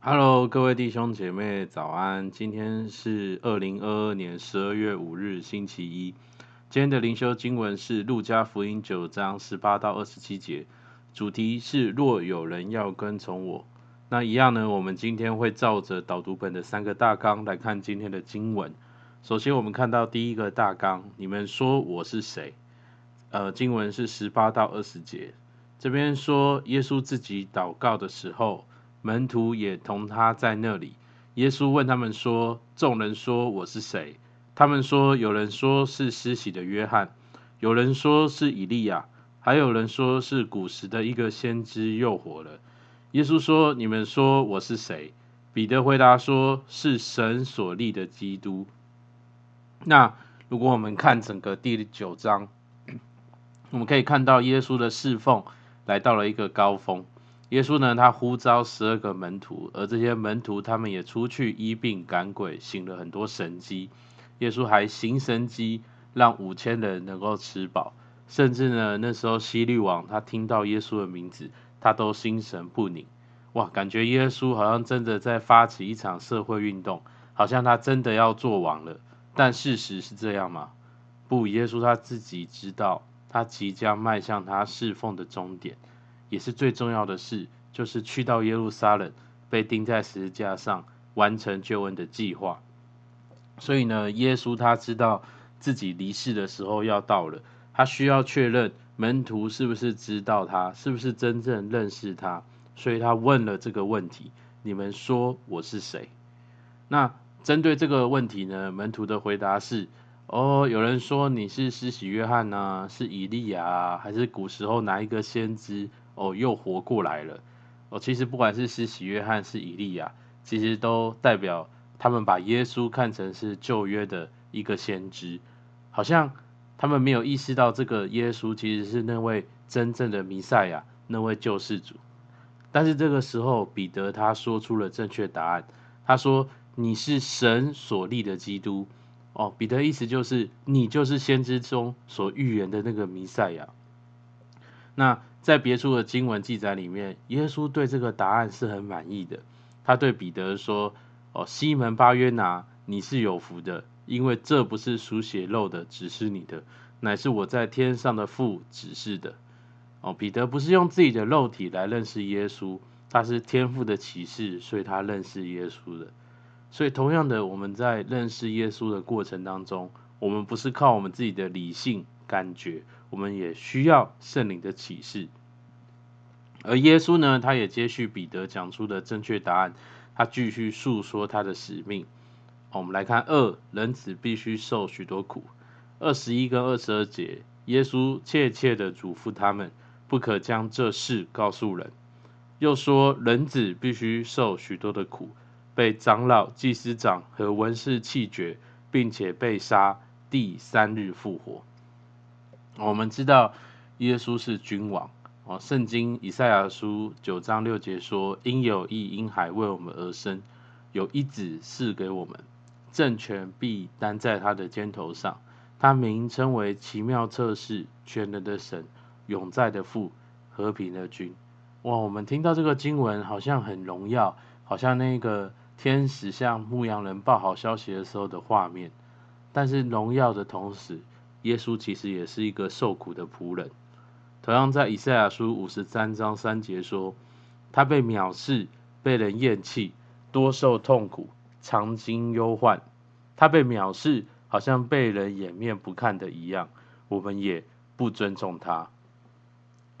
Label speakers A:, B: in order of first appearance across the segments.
A: Hello，各位弟兄姐妹，早安！今天是二零二二年十二月五日，星期一。今天的靈修經文是《路加福音》九章十八到二十七節，主題是“若有人要跟從我”。那一樣呢，我們今天會照着導讀本的三個大綱來看今天的經文。首先，我們看到第一個大綱，你們說我是誰？呃，經文是十八到二十節，這邊說耶穌自己禱告的時候。門徒也同他在那裡。耶穌問他們說：“眾人說我是誰？”他們說：“有人說是施洗的約翰，有人說是以利亞，還有人說是古時的一個先知又活了。”耶穌說：“你們說我是誰？”彼得回答說：“是神所立的基督。”那如果我們看整個第九章，我們可以看到耶穌的侍奉來到了一個高峰。耶穌呢，他呼召十二個門徒，而這些門徒他們也出去醫病趕鬼，行了很多神蹟。耶穌還行神蹟，讓五千人能夠吃飽，甚至呢，那時候希律王他聽到耶穌的名字，他都心神不寧。哇，感覺耶穌好像真的在發起一場社會運動，好像他真的要做王了。但事實是這樣嗎？不，耶穌他自己知道，他即將邁向他侍奉的終點。也是最重要的事，就是去到耶路撒冷，被釘在十字架上，完成救恩的計劃。所以呢，耶穌他知道自己離世的時候要到了，他需要確認門徒是不是知道他，是不是真正認識他，所以他問了這個問題：“你們說我是誰？”那針對這個問題呢，門徒的回答是：“哦，有人說你是施洗約翰呢、啊，是以利亞、啊，還是古時候哪一個先知？”哦，又活過來了。哦，其實不管是施洗約翰是以利亞，其實都代表他們把耶穌看成是舊約的一個先知，好像他們沒有意識到這個耶穌其實是那位真正的彌賽亞，那位救世主。但是這個時候，彼得他說出了正確答案，他說：“你是神所立的基督。”哦，彼得意思就是你就是先知中所預言的那個彌賽亞。那。在別處的經文記載裡面，耶穌對這個答案是很滿意的。他對彼得說：“哦，西門巴約拿，你是有福的，因為這不是屬血肉的指示你的，乃是我在天上的父指示的。”哦，彼得不是用自己的肉體來認識耶穌，他是天父的啟示，所以他認識耶穌的。所以，同樣的，我們在認識耶穌的過程當中，我們不是靠我們自己的理性感覺，我們也需要聖靈的啟示。而耶穌呢，他也接續彼得講出的正確答案，他繼續訴說他的使命。我們來看二，人子必須受許多苦。二十一跟二十二節，耶穌切切的囑咐他們，不可將這事告訴人，又說，人子必須受許多的苦。被長老、祭司長和文士棄絕，並且被殺，第三日復活、哦。我們知道，耶穌是君王、哦、聖經以賽亞書九章六節說：“因有一嬰孩為我們而生，有一子賜給我們，政權必擔在他的肩頭上。他名稱為奇妙策士、全能的神，永在的父，和平的君。”哇，我們聽到這個經文，好像很榮耀，好像那個。天使向牧羊人報好消息的時候的畫面，但是榮耀的同時，耶穌其實也是一個受苦的僕人。同樣在以賽亞書五十三章三節說，他被藐視，被人厭棄，多受痛苦，常經憂患。他被藐視，好像被人掩面不看的一樣，我們也不尊重他。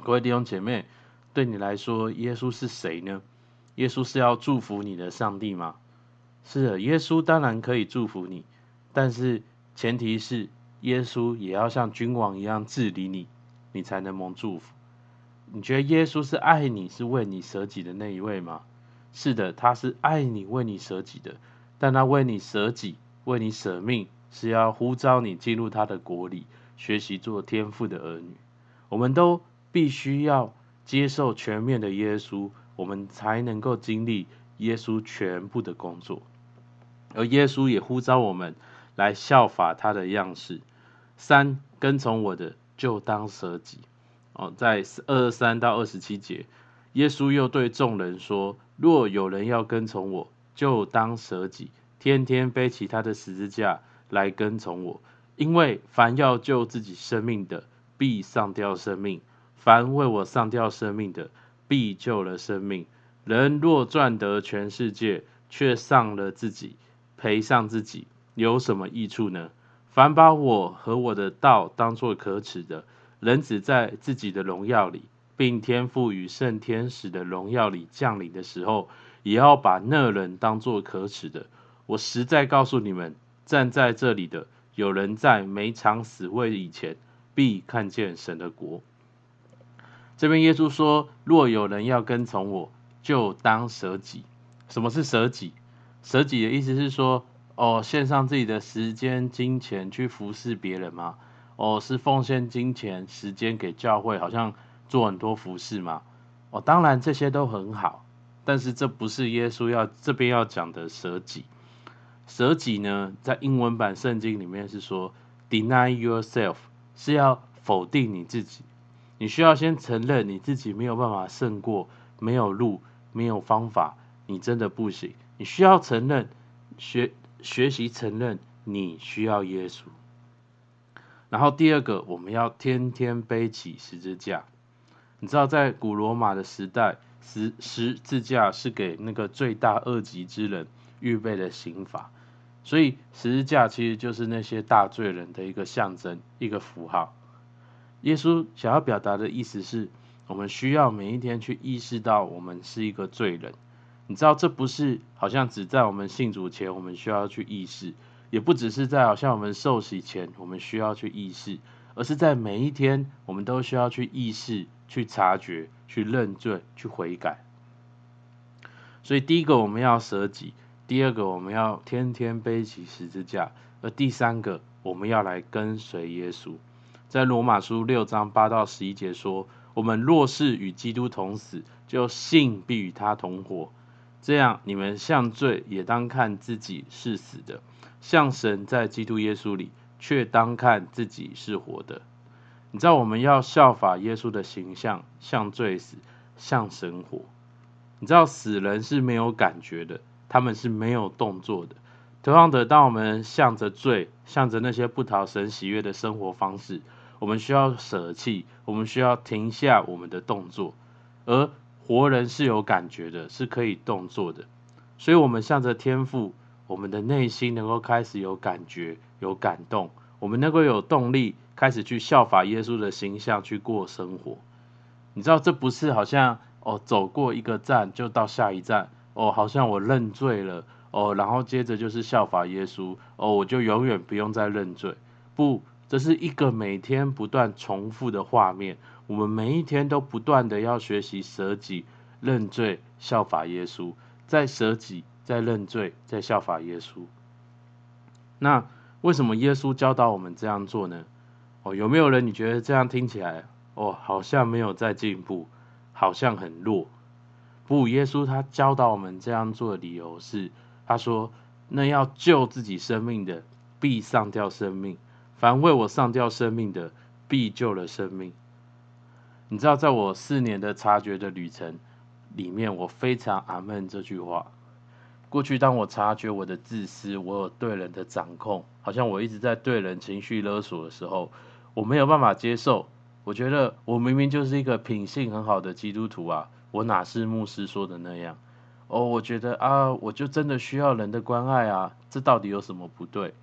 A: 各位弟兄姐妹，對你來說，耶穌是誰呢？耶穌是要祝福你的上帝嗎？是的，耶穌當然可以祝福你，但是前提是耶穌也要像君王一樣治理你，你才能蒙祝福。你覺得耶穌是愛你、是為你捨己的那一位嗎？是的，他是愛你、為你捨己的。但他為你捨己、為你捨命，是要呼召你進入他的國裡，學習做天父的兒女。我們都必須要接受全面的耶穌。我們才能夠經歷耶穌全部的工作，而耶穌也呼召我們來效法他的樣式。三，跟從我的就當捨己。哦，在二十三到二十七節，耶穌又對眾人說：“若有人要跟從我，就當捨己，天天背起他的十字架來跟從我。因為凡要救自己生命的，必喪掉生命；凡為我喪掉生命的。”必救了生命。人若賺得全世界，卻喪了自己，賠上自己，有什麼益處呢？凡把我和我的道當作可恥的，人子在自己的榮耀裡，並天父與聖天使的榮耀裡降臨的時候，也要把那人當作可恥的。我實在告訴你們，站在這裡的，有人在沒嘗死味以前，必看見神的國。這邊耶穌說：“若有人要跟從我，就當捨己。什麼是捨己？捨己的意思是說，哦，獻上自己的時間、金錢去服侍別人嗎？哦，是奉獻金錢、時間給教會，好像做很多服侍嗎？哦，當然這些都很好，但是這不是耶穌要這邊要講的捨己。捨己呢，在英文版聖經裡面是說 ‘deny yourself’，是要否定你自己。”你需要先承認你自己沒有辦法勝過，沒有路，沒有方法，你真的不行。你需要承認，學學習承認你需要耶穌。然後第二個，我們要天天背起十字架。你知道，在古羅馬的時代，十十字架是給那個罪大惡極之人預備的刑罰，所以十字架其實就是那些大罪人的一個象徵，一個符號。耶穌想要表達的意思是，我們需要每一天去意識到我們是一個罪人。你知道，這不是好像只在我們信主前我們需要去意識，也不只是在好像我們受洗前我們需要去意識，而是在每一天我們都需要去意識、去察覺、去認罪、去悔改。所以，第一個我們要捨己，第二個我們要天天背起十字架，而第三個我們要來跟隨耶穌。在羅馬書六章八到十一節說：“我們若是與基督同死，就信必與他同活。這樣，你們向罪也當看自己是死的；向神在基督耶穌裡，卻當看自己是活的。”你知道，我們要效法耶穌的形象，向罪死，向神活。你知道，死人是沒有感覺的，他們是沒有動作的。同樣的，當我們向着罪、向着那些不討神喜悅的生活方式，我們需要捨棄，我們需要停下我們的動作，而活人是有感覺的，是可以動作的。所以，我們向着天父，我們的內心能夠開始有感覺、有感動，我們能夠有動力，開始去效法耶穌的形象去過生活。你知道，這不是好像哦，走過一個站就到下一站哦，好像我認罪了哦，然後接着就是效法耶穌哦，我就永遠不用再認罪不。這是一個每天不斷重複的畫面。我們每一天都不斷的要學習捨己、認罪、效法耶穌，在捨己、在認罪、在效法耶穌。那為什麼耶穌教導我們這樣做呢？哦，有沒有人你覺得這樣聽起來，哦，好像沒有在進步，好像很弱？不，耶穌他教導我們這樣做的理由是，他說：“那要救自己生命的，必喪掉生命。”凡為我喪掉生命的，必救了生命。你知道，在我四年的察覺的旅程裡面，我非常阿們這句話。過去，當我察覺我的自私，我有對人的掌控，好像我一直在對人情緒勒索的時候，我沒有辦法接受。我覺得我明明就是一個品性很好的基督徒啊，我哪是牧師說的那樣？哦，我覺得啊，我就真的需要人的關愛啊，這到底有什麼不對？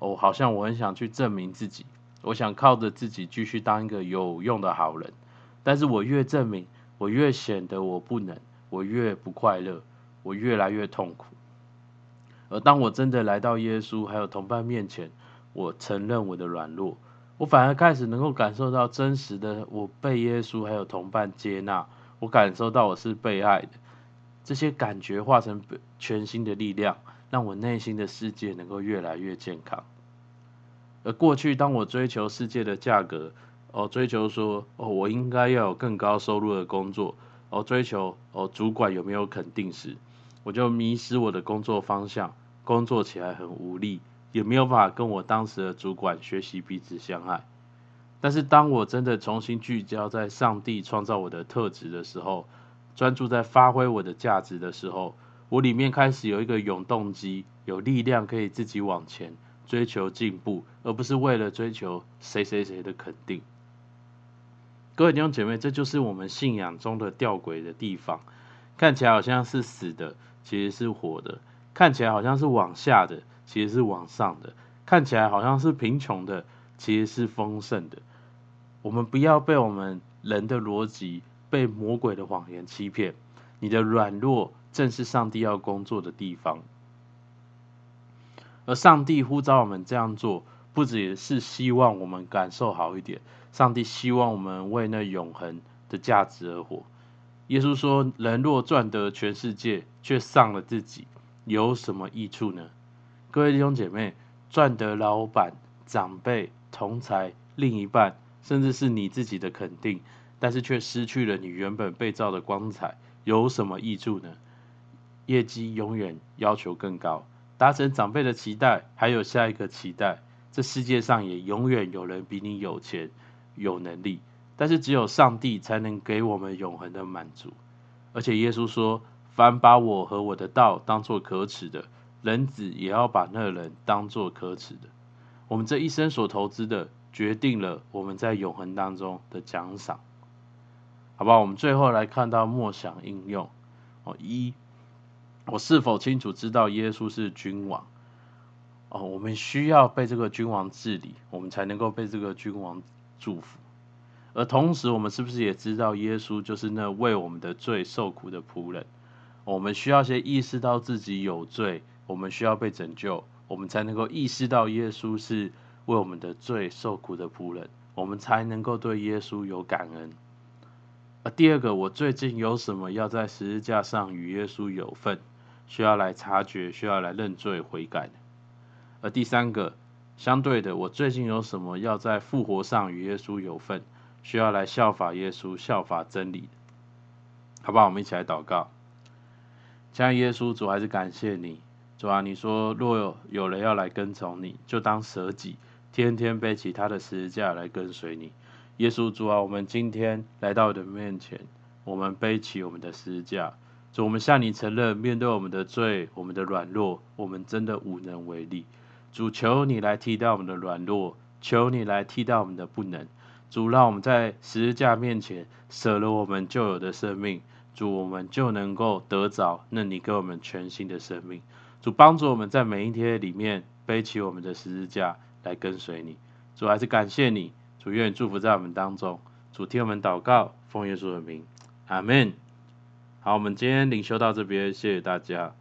A: 哦，oh, 好像我很想去證明自己，我想靠着自己繼續當一個有用的好人，但是我越證明，我越顯得我不能，我越不快樂，我越來越痛苦。而當我真的來到耶穌還有同伴面前，我承認我的軟弱，我反而開始能夠感受到真實的我被耶穌還有同伴接納，我感受到我是被愛的，這些感覺化成全新的力量。讓我內心的世界能夠越來越健康。而過去，當我追求世界的價格，哦，追求說，哦，我應該要有更高收入的工作，哦，追求哦，主管有沒有肯定時，我就迷失我的工作方向，工作起來很無力，也沒有辦法跟我當時的主管學習彼此相愛。但是，當我真的重新聚焦在上帝創造我的特質的時候，專注在發揮我的價值的時候，我裡面開始有一個永動機，有力量可以自己往前追求進步，而不是為了追求誰誰誰的肯定。各位弟兄姐妹，這就是我們信仰中的吊詭的地方。看起來好像是死的，其實是活的；看起來好像是往下的，其實是往上的；看起來好像是貧窮的，其實是豐盛的。我們不要被我們人的邏輯、被魔鬼的謊言欺騙。你的軟弱，正是上帝要工作的地方，而上帝呼召我們這樣做，不只是希望我們感受好一點。上帝希望我們為那永恆的價值而活。耶穌說：“人若賺得全世界，卻喪了自己，有什麼益處呢？”各位弟兄姐妹，賺得老闆、長輩、同財、另一半，甚至是你自己的肯定，但是卻失去了你原本被造的光彩，有什麼益處呢？業績永遠要求更高，達成長輩的期待，還有下一個期待。這世界上也永遠有人比你有錢、有能力，但是只有上帝才能給我們永恆的滿足。而且耶穌說：“凡把我和我的道當作可恥的，人子也要把那人當作可恥的。”我們這一生所投資的，決定了我們在永恆當中的獎賞。好吧，我們最後來看到默想應用哦，一。我是否清楚知道耶穌是君王？哦，我們需要被這個君王治理，我們才能夠被這個君王祝福。而同時，我們是不是也知道耶穌就是那為我們的罪受苦的僕人？我們需要先意識到自己有罪，我們需要被拯救，我們才能夠意識到耶穌是為我們的罪受苦的僕人，我們才能夠對耶穌有感恩。而第二個，我最近有什麼要在十字架上與耶穌有份？需要來察覺，需要來認罪悔改。而第三個，相對的，我最近有什麼要在復活上與耶穌有份？需要來效法耶穌，效法真理。好不好？我們一起來禱告。親耶穌主，還是感謝你，主啊！你說，若有有人要來跟從你，就當舍己，天天背起他的十字架來跟隨你。耶穌主啊，我們今天來到你的面前，我們背起我們的十字架。主，我們向你承認，面對我們的罪，我們的軟弱，我們真的無能為力。主，求你來替代我們的軟弱，求你來替代我們的不能。主，讓我們在十字架面前捨了我們舊有的生命，主，我們就能夠得着那你給我們全新的生命。主，幫助我們在每一天裡面背起我們的十字架來跟隨你。主，還是感謝你，主願祝福在我們當中。主，替我們禱告，奉耶穌的名，阿門。好，我們今天靈修到這邊，謝謝大家。